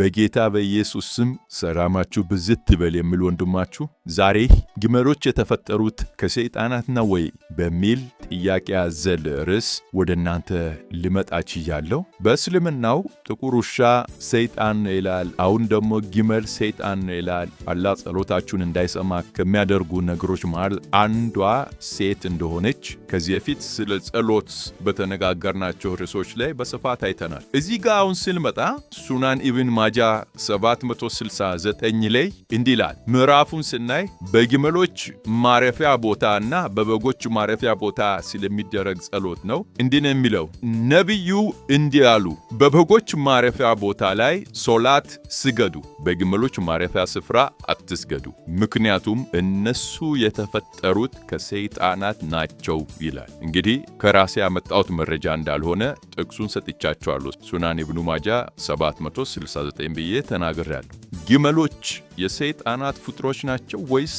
በጌታ በኢየሱስ ስም ሰላማችሁ ብዝት ትበል የሚል ወንድማችሁ ዛሬ ግመሎች የተፈጠሩት ከሰይጣናት ነው ወይ በሚል ጥያቄ አዘል ርዕስ ወደ እናንተ ልመጣ ችያለሁ። በእስልምናው ጥቁር ውሻ ሰይጣን ነው ይላል። አሁን ደግሞ ግመል ሰይጣን ነው ይላል። አላ ጸሎታችሁን እንዳይሰማ ከሚያደርጉ ነገሮች መሃል አንዷ ሴት እንደሆነች ከዚህ በፊት ስለ ጸሎት በተነጋገርናቸው ርዕሶች ላይ በስፋት አይተናል። እዚህ ጋር አሁን ስልመጣ ሱናን ኢብን ማ ማጃ 769 ላይ እንዲህ ይላል። ምዕራፉን ስናይ በግመሎች ማረፊያ ቦታ እና በበጎች ማረፊያ ቦታ ስለሚደረግ ጸሎት ነው። እንዲህ ነው የሚለው። ነቢዩ እንዲህ አሉ፣ በበጎች ማረፊያ ቦታ ላይ ሶላት ስገዱ፣ በግመሎች ማረፊያ ስፍራ አትስገዱ፣ ምክንያቱም እነሱ የተፈጠሩት ከሰይጣናት ናቸው ይላል። እንግዲህ ከራሴ ያመጣሁት መረጃ እንዳልሆነ ጥቅሱን ሰጥቻቸዋለሁ። ሱናን ኢብኑ ማጃ 769 19 ብዬ ተናግሬያለሁ። ግመሎች የሰይጣናት ፍጥሮች ናቸው ወይስ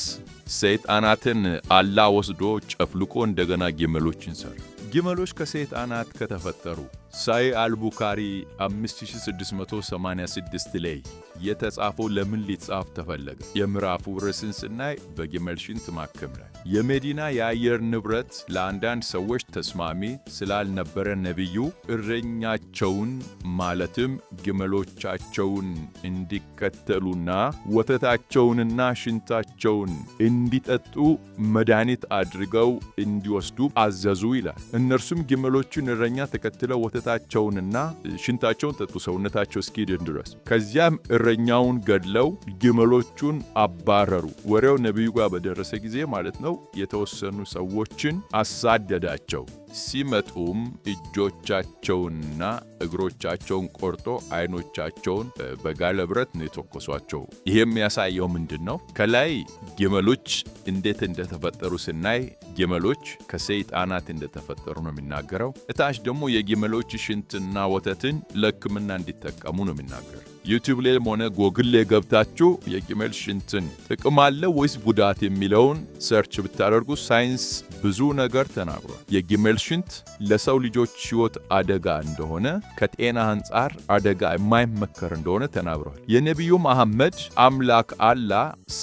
ሰይጣናትን አላ ወስዶ ጨፍልቆ እንደገና ግመሎችን ሰራ? ግመሎች ከሰይጣናት ከተፈጠሩ ሳይ አልቡካሪ 5686 ላይ የተጻፈው ለምን ሊጻፍ ተፈለገ? የምዕራፉ ርዕስን ስናይ በግመል ሽንት ማከምራል የመዲና የአየር ንብረት ለአንዳንድ ሰዎች ተስማሚ ስላልነበረ ነቢዩ እረኛቸውን ማለትም ግመሎቻቸውን እንዲከተሉና ወተታቸውንና ሽንታቸውን እንዲጠጡ መድኃኒት አድርገው እንዲወስዱ አዘዙ ይላል። እነርሱም ግመሎቹን እረኛ ተከትለው ወተ ወተታቸውንና ሽንታቸውን ጠጡ ሰውነታቸው እስኪድን ድረስ። ከዚያም እረኛውን ገድለው ግመሎቹን አባረሩ። ወሬው ነቢዩ ጋር በደረሰ ጊዜ ማለት ነው የተወሰኑ ሰዎችን አሳደዳቸው። ሲመጡም እጆቻቸውንና እግሮቻቸውን ቆርጦ አይኖቻቸውን በጋለ ብረት ነው የተኮሷቸው። ይህ የሚያሳየው ምንድን ነው? ከላይ ጌመሎች እንዴት እንደተፈጠሩ ስናይ ጌመሎች ከሰይጣናት እንደተፈጠሩ ነው የሚናገረው። እታች ደግሞ የጌመሎች ሽንትና ወተትን ለሕክምና እንዲጠቀሙ ነው የሚናገር። ዩቲዩብ ላይም ሆነ ጎግል ላይ ገብታችሁ የግመል ሽንትን ጥቅም አለ ወይስ ጉዳት የሚለውን ሰርች ብታደርጉ ሳይንስ ብዙ ነገር ተናግሯል። የግመል ሽንት ለሰው ልጆች ሕይወት አደጋ እንደሆነ፣ ከጤና አንጻር አደጋ የማይመከር እንደሆነ ተናግሯል። የነቢዩ መሐመድ አምላክ አላ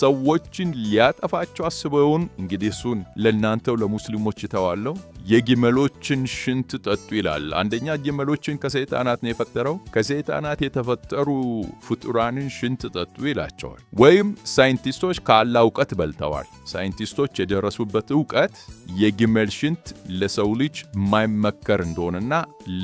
ሰዎችን ሊያጠፋቸው አስበውን እንግዲህ እሱን ለእናንተው ለሙስሊሞች ይተዋለው የግመሎችን ሽንት ጠጡ ይላል። አንደኛ ግመሎችን ከሰይጣናት ነው የፈጠረው። ከሰይጣናት የተፈጠሩ ፍጡራንን ሽንት ጠጡ ይላቸዋል። ወይም ሳይንቲስቶች ካላ እውቀት በልተዋል። ሳይንቲስቶች የደረሱበት እውቀት የግመል ሽንት ለሰው ልጅ ማይመከር እንደሆነና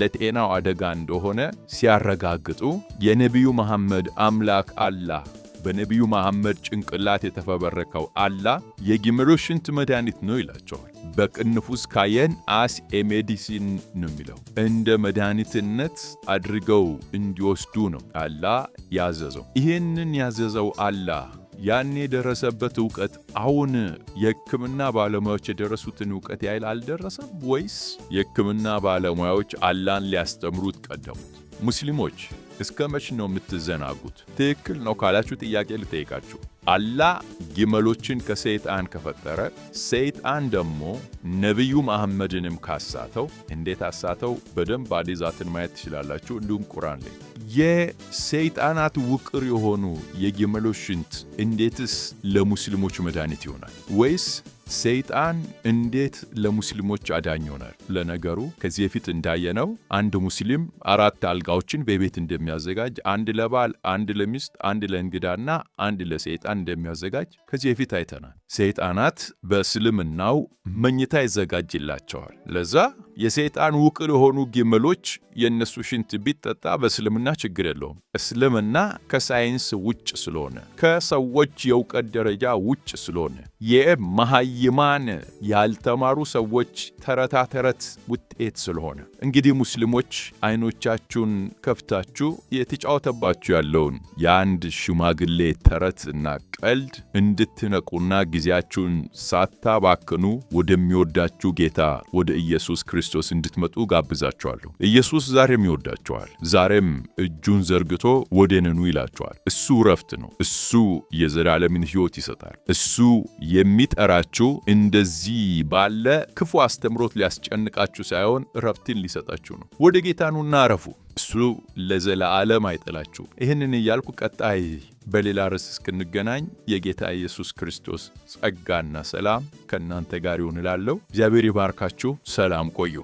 ለጤናው አደጋ እንደሆነ ሲያረጋግጡ የነቢዩ መሐመድ አምላክ አላህ በነቢዩ መሐመድ ጭንቅላት የተፈበረከው አላ የጊመሎች ሽንት መድኃኒት ነው ይላቸዋል። በቅንፉስ ካየን አስ ኤሜዲሲን ነው የሚለው እንደ መድኃኒትነት አድርገው እንዲወስዱ ነው አላ ያዘዘው። ይህንን ያዘዘው አላ ያኔ የደረሰበት እውቀት አሁን የሕክምና ባለሙያዎች የደረሱትን እውቀት ያህል አልደረሰም ወይስ የሕክምና ባለሙያዎች አላህን ሊያስተምሩት ቀደሙት? ሙስሊሞች እስከ መች ነው የምትዘናጉት? ትክክል ነው ካላችሁ ጥያቄ ልጠይቃችሁ። አላህ ግመሎችን ከሰይጣን ከፈጠረ ሰይጣን ደግሞ ነቢዩ መሐመድንም ካሳተው እንዴት አሳተው? በደንብ አዲዛትን ማየት ትችላላችሁ፣ እንዲሁም ቁርአን ላይ የሰይጣናት ውቅር የሆኑ የግመሎች ሽንት እንዴትስ ለሙስሊሞች መድኃኒት ይሆናል? ወይስ ሰይጣን እንዴት ለሙስሊሞች አዳኝ ይሆናል? ለነገሩ ከዚህ በፊት እንዳየነው አንድ ሙስሊም አራት አልጋዎችን በቤት እንደሚያዘጋጅ፣ አንድ ለባል፣ አንድ ለሚስት፣ አንድ ለእንግዳና አንድ ለሰይጣን እንደሚያዘጋጅ ከዚህ በፊት አይተናል። ሰይጣናት በእስልምናው መኝታ ይዘጋጅላቸዋል። ለዛ የሰይጣን ውቅል የሆኑ ግመሎች የእነሱ ሽንት ቢጠጣ በእስልምና ችግር የለውም። እስልምና ከሳይንስ ውጭ ስለሆነ ከሰዎች የእውቀት ደረጃ ውጭ ስለሆነ የመሃይማን ያልተማሩ ሰዎች ተረታተረት ውጤት ስለሆነ እንግዲህ ሙስሊሞች አይኖቻችሁን ከፍታችሁ የተጫወተባችሁ ያለውን የአንድ ሽማግሌ ተረት እና ቀልድ እንድትነቁና ጊዜያችሁን ሳታባክኑ ወደሚወዳችሁ ጌታ ወደ ኢየሱስ ክርስቶስ ክርስቶስ እንድትመጡ ጋብዛችኋለሁ። ኢየሱስ ዛሬም ይወዳችኋል። ዛሬም እጁን ዘርግቶ ወደንኑ ይላችኋል። እሱ እረፍት ነው። እሱ የዘላለምን ሕይወት ይሰጣል። እሱ የሚጠራችሁ እንደዚህ ባለ ክፉ አስተምሮት ሊያስጨንቃችሁ ሳይሆን እረፍትን ሊሰጣችሁ ነው። ወደ ጌታ ኑና እሱ ለዘለዓለም አይጥላችሁ ይህንን እያልኩ ቀጣይ በሌላ ርዕስ እስክንገናኝ የጌታ ኢየሱስ ክርስቶስ ጸጋና ሰላም ከእናንተ ጋር ይሁን እላለሁ። እግዚአብሔር ይባርካችሁ። ሰላም ቆዩ።